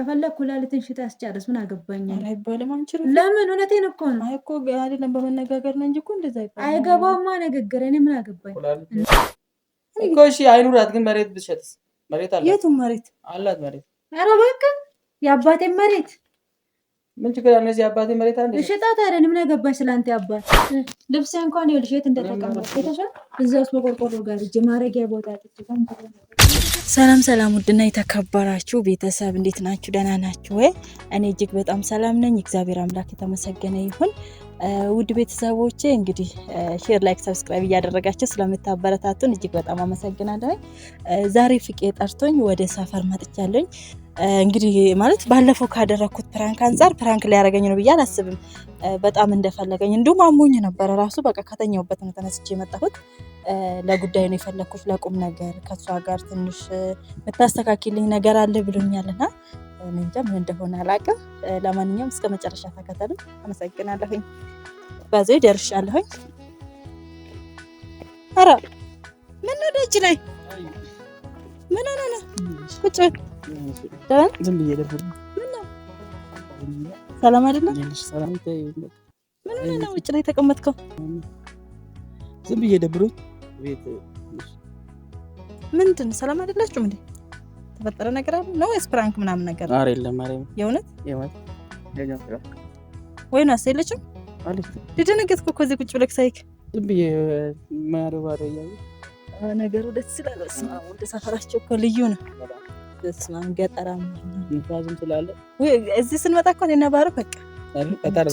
ከፈለግ ኩላሊትን ሽጣ ያስጨርስ። ምን አገባኝ ለምን? እውነቴን እኮ ነው። አይ እኮ አይደለም፣ በመነጋገር ነው እንጂ እኮ እንደዛ አይገባውማ ንግግር። እኔ ምን አገባኝ እኮ። እሺ አይኑራት፣ ግን መሬት ብትሸጥስ? መሬት አላት። የቱም መሬት አላት። መሬት ኧረ እባክህ የአባቴን መሬት ምን ችግር አለ? እነዚህ አባቴ መሬት አለ ልሸጣት አይደል? ምን አገባኝ ስላንተ አባት። ልብሴ እንኳን ይኸውልሽ የት እንደተቀመጠ አይተሻል? እዛ ውስጥ በቆርቆሮ ጋር እጅ ማረጊያ ቦታ ጥጭ ሰላም ሰላም፣ ውድና የተከበራችሁ ቤተሰብ እንዴት ናችሁ? ደህና ናችሁ ወይ? እኔ እጅግ በጣም ሰላም ነኝ። እግዚአብሔር አምላክ የተመሰገነ ይሁን። ውድ ቤተሰቦቼ እንግዲህ ሼር፣ ላይክ፣ ሰብስክራይብ እያደረጋችሁ ስለምታበረታቱን እጅግ በጣም አመሰግናለሁ። ዛሬ ፍቄ ጠርቶኝ ወደ ሰፈር መጥቻለኝ። እንግዲህ ማለት ባለፈው ካደረግኩት ፕራንክ አንጻር ፕራንክ ሊያደርገኝ ነው ብዬ አላስብም። በጣም እንደፈለገኝ እንዲሁም አሞኝ ነበረ ራሱ በቃ ከተኛውበት ነው ተነስቼ የመጣሁት። ለጉዳዩ ነው የፈለግኩት፣ ለቁም ነገር ከሷ ጋር ትንሽ የምታስተካኪልኝ ነገር አለ ብሎኛልና እንጃ ምን እንደሆነ አላውቅም። ለማንኛውም እስከ መጨረሻ ተከተሉ። አመሰግናለሁኝ። በዚ ደርሻለሁኝ። ኧረ ምን ነው ደጅ ላይ ምን ሆነ ነው ቁጭ ዝም ብዬ ደብር ሰላም አይደለም። ምን ነው ውጭ ላይ ተቀመጥከው ዝም ብዬ ደብሮኝ። ምንድን ሰላም አይደላችሁም እንዴ? ተፈጠረ ነገር አለ ነው ወይስ ፕራንክ ምናምን ነገር? ኧረ የለም። የእውነት ወይ ነው አስየለችም። ደደነገጥኩ እኮ እዚህ ቁጭ ብለህ ሳይክ ዝም ብዬ ነገሩ ደስ ስላለ ወደ ሰፈራቸው እኮ ልዩ ነው ስማም ገጠራም ትላለ። እዚህ ስንመጣ እኮ እኔና ባርክ በቃ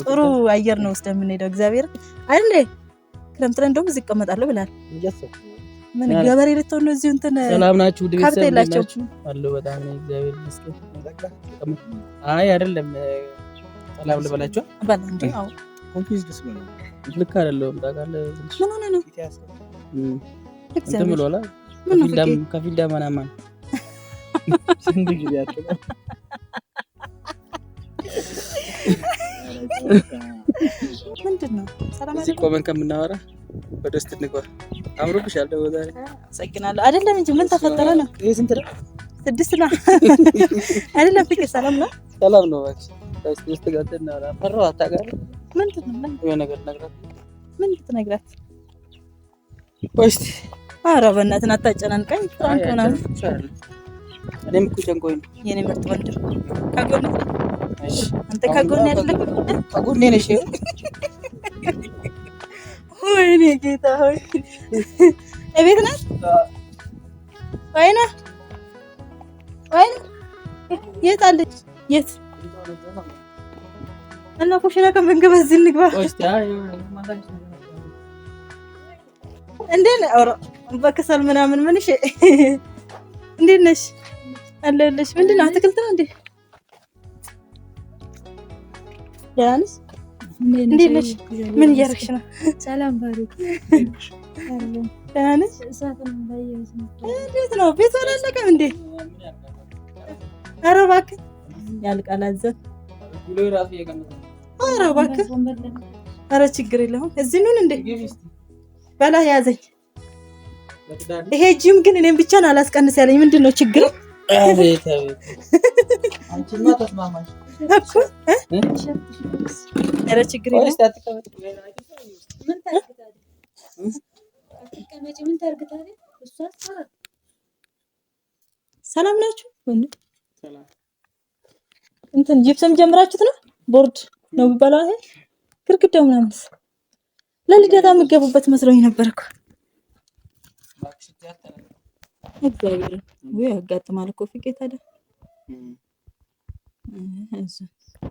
ጥሩ አየር ነው ውስጥ የምንሄደው። እግዚአብሔር አይደል ክረምት ላይ እንደውም እዚህ ይቀመጣሉ ብላል። ምን ገበሬ ልትሆን ነው? እዚሁ እንትን ሰላም ናችሁ? ካርታ የላቸውም አሉ። በጣም እግዚአብሔር ይመስገን። አይ አይደለም ሰላም ልበላችሁ ባላ አዎ ነው። ልክ አይደለም ታውቃለህ። ምን ሆነ ነው? ከፊል ዳመናማ ነው ስንት ጊዜያቸው ነው? ምንድን ነው እዚህ ቆመን ከምናወራ ወደ እንግባ። አምሮብሻል። ደግሞ ዛሬ አመሰግናለሁ። አይደለም እንጂ ምን ተፈጠረ ነው? ስንት ነው? ስድስት ነው አይደለም? ፍቅር ሰላም ነው? ሰላም ነው። እናወራ። ፈራሁ። አታውቃለህ? ምንድን ነው? የሆነ ነገር በእናትህ አታጨናንቀኝ። ፍራንክ ሆናለሁ እኔም እኮ ጨንቆኝ ነው። የኔ ምርጥ ወንድም ከጎን አንተ ከጎን አይደለም ከጎን ነሽ። ወይኔ ጌታ ሆይ እቤት ነህ ወይ ነህ የት አለች? የት እና ኩሽና ከምንገባ እዚህ እንግባ እንዴ? ኧረ በከሰል ምናምን ምንሽ እንዴት ነሽ? አለለሽ ምንድን ነው? አትክልት ነው እንዴ? ደህና ነሽ? እንዴት ነሽ? ምን እያደረግሽ ነው? ሰላም ባሩክ፣ ደህና ነሽ? እንዴት ነው? ቤቱ አላለቀም እንዴ? ኧረ እባክህ ያልቃል። አዘን ኧረ እባክህ፣ ኧረ ችግር የለውም። እዚህ ኑን እንዴ በላ ያዘኝ። ይሄ ጂም ግን እኔም ብቻን አላስቀንስ ያለኝ ምንድን ነው ችግር ሰላም ናችሁ? እንትን ጅብሰም ጀምራችሁት ነው? ቦርድ ነው የሚባለው ይሄ ግርግዳው ምናምን ለልደታ የምትገቡበት መስሎኝ ነበር እኮ እግዚአብሔር ወይ ያጋጥማል እኮ ፍቄ ታዲያ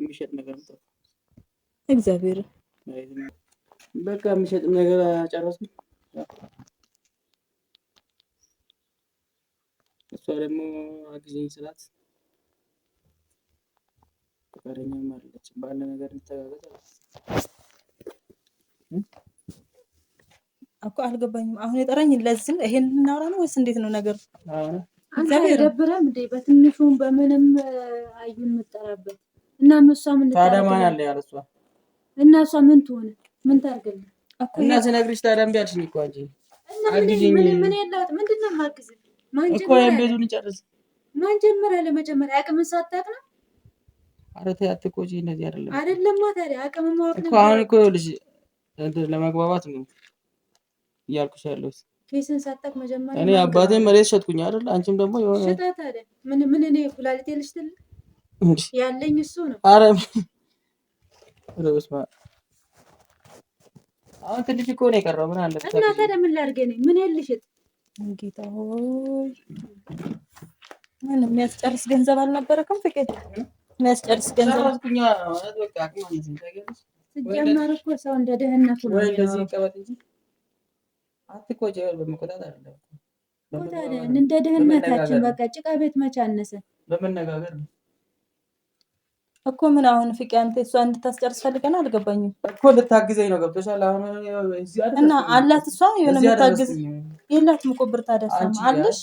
የሚሸጥ ነገር እግዚአብሔር በቃ የሚሸጥም ነገር ጨረሱ። እሷ ደግሞ አግዜኝ ስላት ፈቃደኛም አይደለችም ባለ ነገር እንተጋገዝ እኮ አልገባኝም። አሁን የጠራኝ ለዝም ይሄን እናውራ ነው ወይስ እንዴት ነው ነገር? ደብረም እንዴ በትንሹም በምንም አዩ የምጠራበት እና እሷ ምን ታዲያ አለ ያለ እሷ እና እሷ ምን ትሆነ ምን ታርግል እና ስነግርሽ ታዲያ እምቢ አልሽኝ እኮ አንቺ ምን የለውጥ ምንድን ነው ቤቱን ለመጀመሪያ አቅምን ሳታቅ ነው ተይ አትቆጪ እንደዚህ አይደለም ታዲያ አቅም ማወቅ ነው አሁን እኮ ልጅ ለመግባባት ነው እያልኩሽ ያለሁት ኬስን መጀመሪያ እኔ አባቴን መሬት ሸጥኩኝ አይደል? አንቺም ደግሞ የሆነ ሸጣት አይደል? ምን ምን እኔ ኩላሊቴ ያለኝ እሱ ነው። አረ በስመ አብ አሁን ትንሽ እኮ ነው የቀረው። ምን አለበት እና ታዲያ ምን ላድርግ? እኔ ምን ልሽጥ? ሆይ ምን የሚያስጨርስ ገንዘብ አልነበረክም? ፍቄት የሚያስጨርስ ገንዘብ ሲጀመር እኮ ሰው እንደ ደህንነቱ ነው። አትቆጭ በመቆጣጠር አይደለም እንደ ድህነታችን በቃ ጭቃ ቤት መቻነሰ በመነጋገር ነው እኮ ምን አሁን ፍቄ አንተ እሷ እንድታስጨርስ ፈልገን አልገባኝም እኮ ልታግዘኝ ነው ገብቶሻል እና አላት እሷ የሆነ የምታግዝ የላትም እኮ ብር ታደሳ አለሽ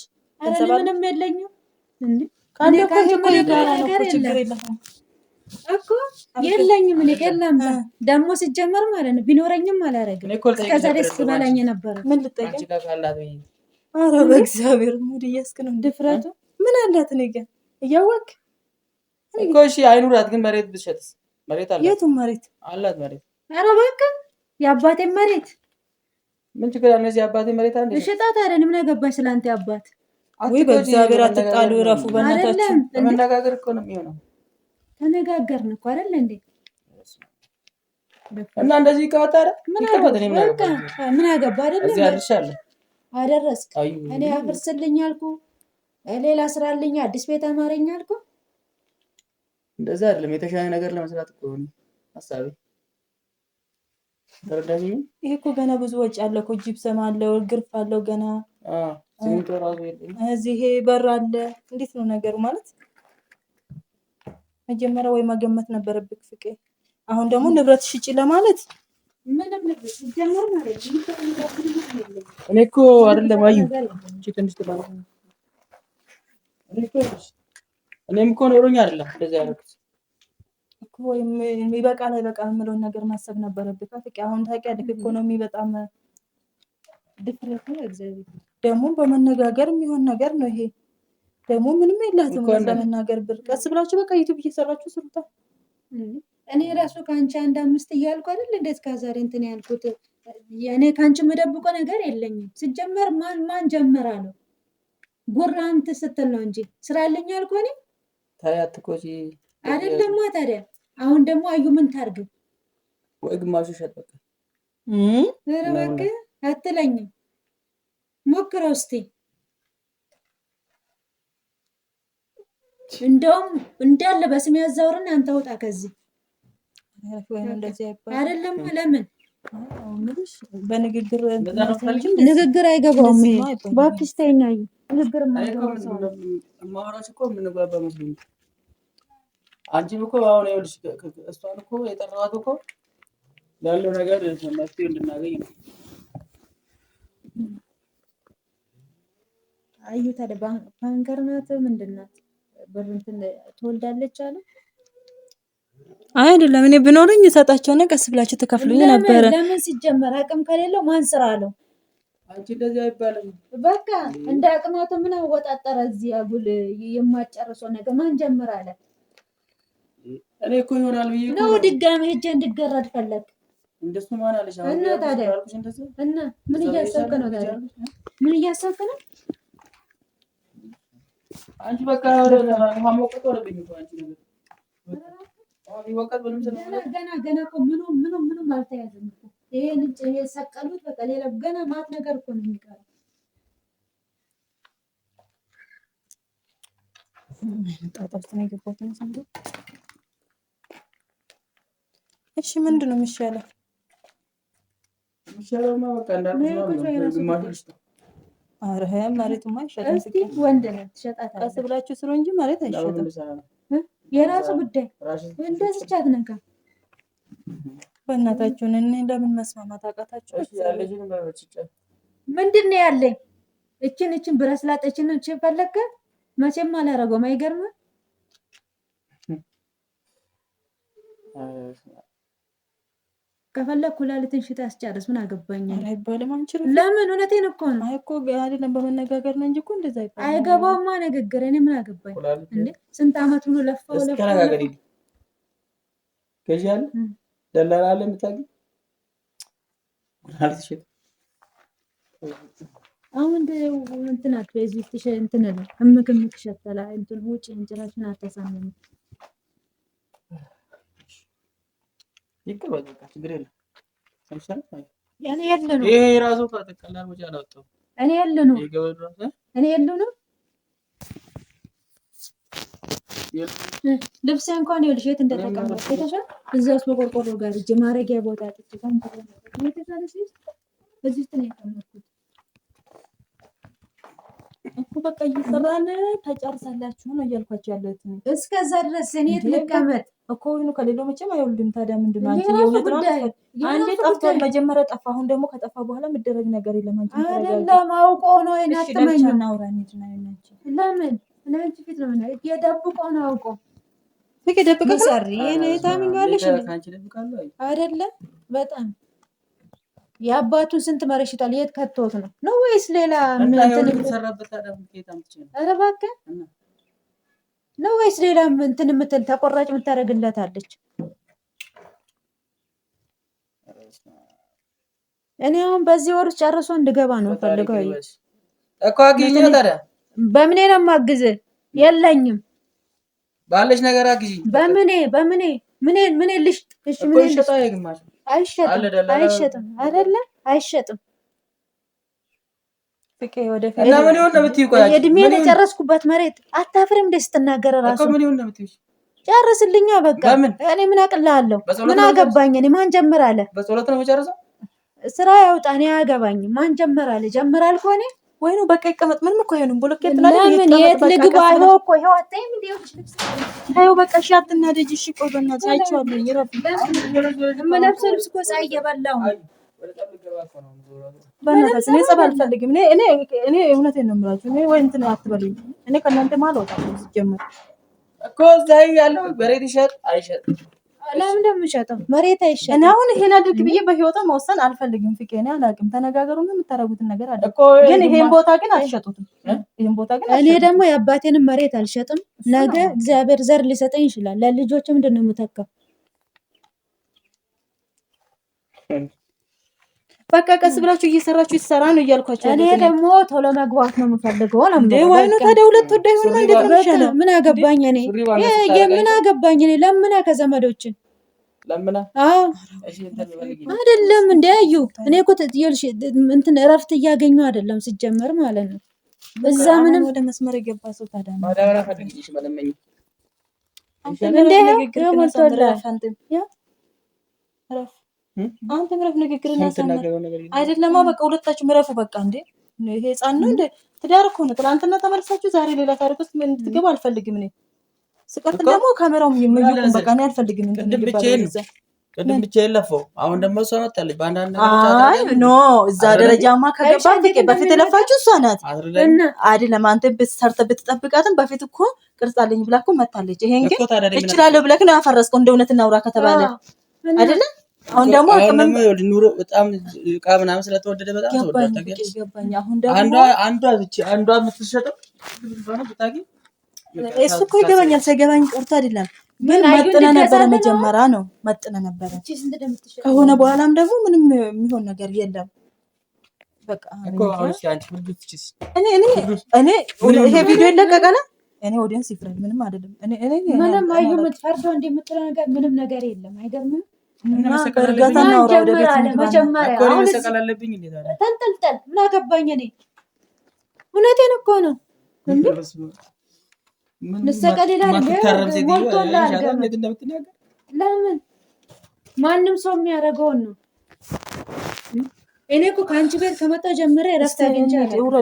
ምንም የለኝም ካለ እኮ የጋራ ነው ችግር የለም እኮ የለኝም። እኔ ገላም ደግሞ ሲጀመር ማለት ነው ቢኖረኝም አላረግም። ከዛሬ እስኪበላኝ ነበረ። ምን ልጠይቅ? ኧረ በእግዚአብሔር ሙድ እያስክ ነው። ድፍረቱ ምን አላት? እኔ ግን እያወቅ እኮ እሺ፣ አይኑራት ግን መሬት ብትሸጥስ? መሬት አላት። የቱም መሬት አላት። መሬት አረ እባክህ የአባቴ መሬት ምን ችግር አለ? እዚህ አባቴ መሬት አለ። እሽጣት ጣት አይደለም ምን አገባሽ ስላንተ አባት። ወይ በእግዚአብሔር አትጣሉ፣ እረፉ በእናታችሁ። መነጋገር እኮ ነው የሚሆነው ተነጋገርን እኮ አይደል እንዴ? እና እንደዚህ ይቀበጣል። ምን አገባ አይደለም አደረስክ። እኔ አፍርስልኝ አልኩ፣ ሌላ ስራ አዲስ ቤት አማረኝ አልኩ። እንደዛ አይደለም የተሻለ ነገር ለመስራት እኮ ነው ሀሳቤ። ይሄ እኮ ገና ብዙ ወጪ አለ እኮ ጂፕሰም አለው፣ ግርፍ አለው፣ ገና እዚህ በር አለ። እንዴት ነው ነገሩ ማለት መጀመሪያ ወይ መገመት ነበረብክ ፍቄ። አሁን ደግሞ ንብረት ሽጪ ለማለት እኔ እኮ አይደለም አዩ እኔም እኮ ኖሮኝ አይደለም እንደዚህ ያደረኩት እኮ ወይም ይበቃል አይበቃል የምለውን ነገር ማሰብ ነበረብህ ፍቄ። አሁን ታውቂያለሽ ኢኮኖሚ በጣም ድፍረት ነው። እግዚአብሔር ደግሞ በመነጋገር የሚሆን ነገር ነው ይሄ ደግሞ ምንም የላትም ለመናገር ብር ቀስ ብላችሁ በቃ ዩቱብ እየሰራችሁ ስሩታል። እኔ ራሱ ከአንቺ አንድ አምስት እያልኩ አይደል እንዴት ከዛሬ እንትን ያልኩት እኔ ከአንቺ የምደብቆ ነገር የለኝም። ስጀመር ማን ማን ጀመር ነው ጉራ እንትን ስትል ነው እንጂ ስራ አለኝ አልኩ እኔ ታያት እኮ አይደል ደግሞ ታዲያ አሁን ደግሞ አዩ ምን ታርግ ወይ ግማሹ ሸጠቀ ኧረ በቃ አትለኝም ሞክረው እስኪ እንደውም እንዳለ በስሜ ያዛውርን አንተ ውጣ ከዚህ አይደለም። ለምን በንግግር ንግግር አይገባውም? እባክሽ ተይኝ። ንግግር ማውራት እኮ የምንግባባ መስሎኝ። አንቺም እኮ አሁን ይኸውልሽ፣ እሷን እኮ የጠራኋት እኮ ነገር መፍትሄ እንድናገኝ ነው። አዩ ታዲያ ባንከር ናት ምንድን ናት? ብር እንትን ትወልዳለች አለ። አይደለም እኔ ብኖረኝ እሰጣቸው ነው። ቀስ ብላችሁ ተከፍሉኝ ነበረ። ለምን ሲጀመር አቅም ከሌለው ማን ስራ አለው? አንቺ እንደዚህ አይባልም። በቃ እንደ አቅማቱ ምን አወጣጠረ? እዚህ አጉል የማጨርሰው ነገር ማን ጀምር አለ። እኔ እኮ ይሆናል ብዬ ነው ድጋሚ ሄጄ እንድገረድ ፈለግ። እንደሱ ማን አለሽ? እና ታዲያ እና ምን እያሰብክ ነው? ታዲያ ምን እያሰብክ ነው? አንቺ በቃ ውሃ መውቀት ሆነብኝ። ገና ገና እኮ ምኑም ምኑም ምኑም አልተያዘም እኮ ይሄ ልጅ ይሄ ሰቀሉት በቃ ሌላ ገና ማት ነገር እኮ ነው የሚቀረው። እሺ ምንድን ነው የሚሻለው? ወንድ ነው ትሸጣታለህ። ቀስ ብላችሁ ስሩ እንጂ መሬት አይሸጥም። የራሱ ጉዳይ እንደዚህ ቻት ነካ። በእናታችሁን እኔ ለምን መስማማት አቃታችሁ? ምንድን ነው ያለኝ? እችን እችን ብረስላጥ እችን እችን ፈለግከ መቼም አላረገውም። አይገርምም ከፈለግ ኩላሊትን ሽጣ ያስጨርስ ምን አገባኝ አይባልም። አንችልም። ለምን እውነቴን እኮ ነው። እኮ አይደለም በመነጋገር ነው እንጂ እኮ እንደዛ አይገባውማ ንግግር። እኔ ምን አገባኝ እንዴ? ስንት አመት ሙሉ ለፋው ለፋው። ተነጋገሪ ገዣለ ደላላ አለ የምታገኝ ኩላሊት ሽጥ አሁን እንትን አትበይ እዚህ እንትን እንትን ውጭ አታሳምም ይቀበል በቃ ችግር የለም። እኔ ነው ይሄ ራሱ ካጠቃላል ወጪ አላወጣሁም። እኔ የለንም። እኔ ነው ልብስ እንኳን ይኸውልሽ የት እንደተቀመጠ አይተሻል። እዛ ውስጥ በቆርቆሮ ጋር እጅ ማረጊያ ቦታ እኮ በቃ እየሰራን ተጨርሳላችሁ ነው እያልኳቸው ያለት እስከዛ ድረስ እኔ ልቀመጥ እኮ ይኑ ከሌሎ መቼም አይወልድም። ታዲያ ምንድን ነው አንዴ ጠፍቶ መጀመሪያ ጠፋ። አሁን ደግሞ ከጠፋ በኋላ የምደረግ ነገር የለም። አንቺ አይደለም አውቆ ነው ናትመኝ እናውራ እንሂድና ናቸ ለምን ለአንቺ ፊት ነው ምና የደብቆ ነው አውቆ ፍቅ ደብቀ ሰሪ ታምኛለሽ አይደለም በጣም የአባቱ ስንት መሬት የት ከቶት ነው ነው ወይስ ሌላ ረባከ ነው ወይስ ሌላ እንትን የምትል ተቆራጭ የምታደርግለት አለች? እኔ አሁን በዚህ ወር ጨርሶ እንድገባ ነው ፈልገው እኮ አግኝ። በምኔ ነው ማግዝ? የለኝም ባለሽ ነገር አግኝ። በምኔ በምኔ ምኔ ምኔ ልሽ እሺ ምኔ ልሽጥ? አይሸጥም አይሸጥም አይደለ አይሸጥም። የጨረስኩበት መሬት አታፍርም እንደ ስትናገር ራሱ ጨርስልኛ በቃ እኔ ምን ምን አገባኝ? እኔ ማን ጀምራለ? ስራ ያውጣ እኔ አያገባኝም። ማን ጀምራለ? ጀምራል ሆኔ ወይ ነው በቃ ይቀመጥ። ምንም እኮ አይሆንም። ብሎኬት ነው አይደል? የት ልግባ? ይኸው እኮ ይኸው አታይም እንዴ? ይኸው በቃ እሺ፣ አትናደጂ። እሺ፣ ቆይ በእናትሽ አይቼዋለሁ። ይረፍ የምለብሰው ልብስ እኮ ፀሐይ እየበላሁ በእናትሽ እኔ ጸብ አልፈልግም። እኔ እኔ እውነቴን ነው የምላችሁ። እኔ ወይ እንትን አትበሉኝ። እኔ ከእናንተ ማለወጣ ሲጀመር እኮ እዛ ያለው በሬ ይሸጥ አይሸጥ ለምን እንደምሸጠው መሬት አይሸጥም። እኔ አሁን ይሄን አድርግ ብዬ በህይወቷ መወሰን አልፈልግም። ፍቄ እኔ አላውቅም። ተነጋገሩ ነው የምታደርጉትን ነገር አለ። ግን ይሄን ቦታ ግን አልሸጡትም። ይሄን ቦታ ግን እኔ ደግሞ የአባቴንም መሬት አልሸጥም። ነገ እግዚአብሔር ዘር ሊሰጠኝ ይችላል። ለልጆች ምንድን ነው የምተካው? በቃ ቀስ ብላችሁ እየሰራችሁ ይሰራ ነው እያልኳቸው። እኔ ደግሞ ቶሎ መግባት ነው የምፈልገው ነው ዋይኖ። ታዲያ ሁለት ወዳ ይሆን ማለት ነው ምን አገባኝ እኔ የምን አገባኝ እኔ ለምና ከዘመዶችን ለምና አይደለም እንደ እኔ እኮ እንትን እረፍት እያገኙ አይደለም ሲጀመር ማለት ነው። እዛ ምንም ወደ መስመር የገባ ሰው ታዲያ እንደ አንተ ምረፍ፣ ንግግርን አይደለማ። በቃ ሁለታችሁ ምረፉ። በቃ እንዴ ይሄ ህፃን ነው እንዴ? ትዳር እኮ ነው። ትላንትና ተመልሳችሁ ዛሬ ሌላ ታሪክ ውስጥ እንድትገባ አልፈልግም እኔ። ስቀጥል ደግሞ ካሜራውም የሚይቁም በቃ እኔ አልፈልግም። ቅድም ብቻ ቅድም ብቻ ለፈው፣ አሁን ደግሞ እሷ መጣለች። በአንዳንድ ኖ እዛ ደረጃማ ከገባ በፊት የለፋችሁ እሷ ናት አይደለም። አንተ ሰርተ ብትጠብቃትም በፊት እኮ ቅርጽ አለኝ ብላ እኮ መታለች። ይሄን ግን እችላለሁ ብለህ ነው ያፈረስከው። እንደ እውነት እናውራ ከተባለ አይደለም አሁን ደግሞ ኑሮ በጣም እቃ ምናምን ስለተወደደ በጣም አንዷ የምትሸጠው እሱ እኮ ይገባኛል። ሳይገባኝ ቀርቶ አይደለም፣ ግን መጥነ ነበረ መጀመሪያ ነው መጥነ ነበረ። ከሆነ በኋላም ደግሞ ምንም የሚሆን ነገር የለም። ይሄ ቪዲዮ ይለቀቃል። እኔ ኦዲየንስ ይፍረድ፣ ምንም አይደለም። ምንም ምትፈርሰው እንደምትለው ነገር ምንም ነገር የለም። አይገርምም ተንጠልጠል ምን አገባኝ እኔ እውነቴን እኮ ነው መሰቀል ለምን ማንም ሰው የሚያደርገውን ነው እኔ እኮ ከአንቺ ቤት ከመጣሁ ጀምሬ እረፍት አግኝቻለሁ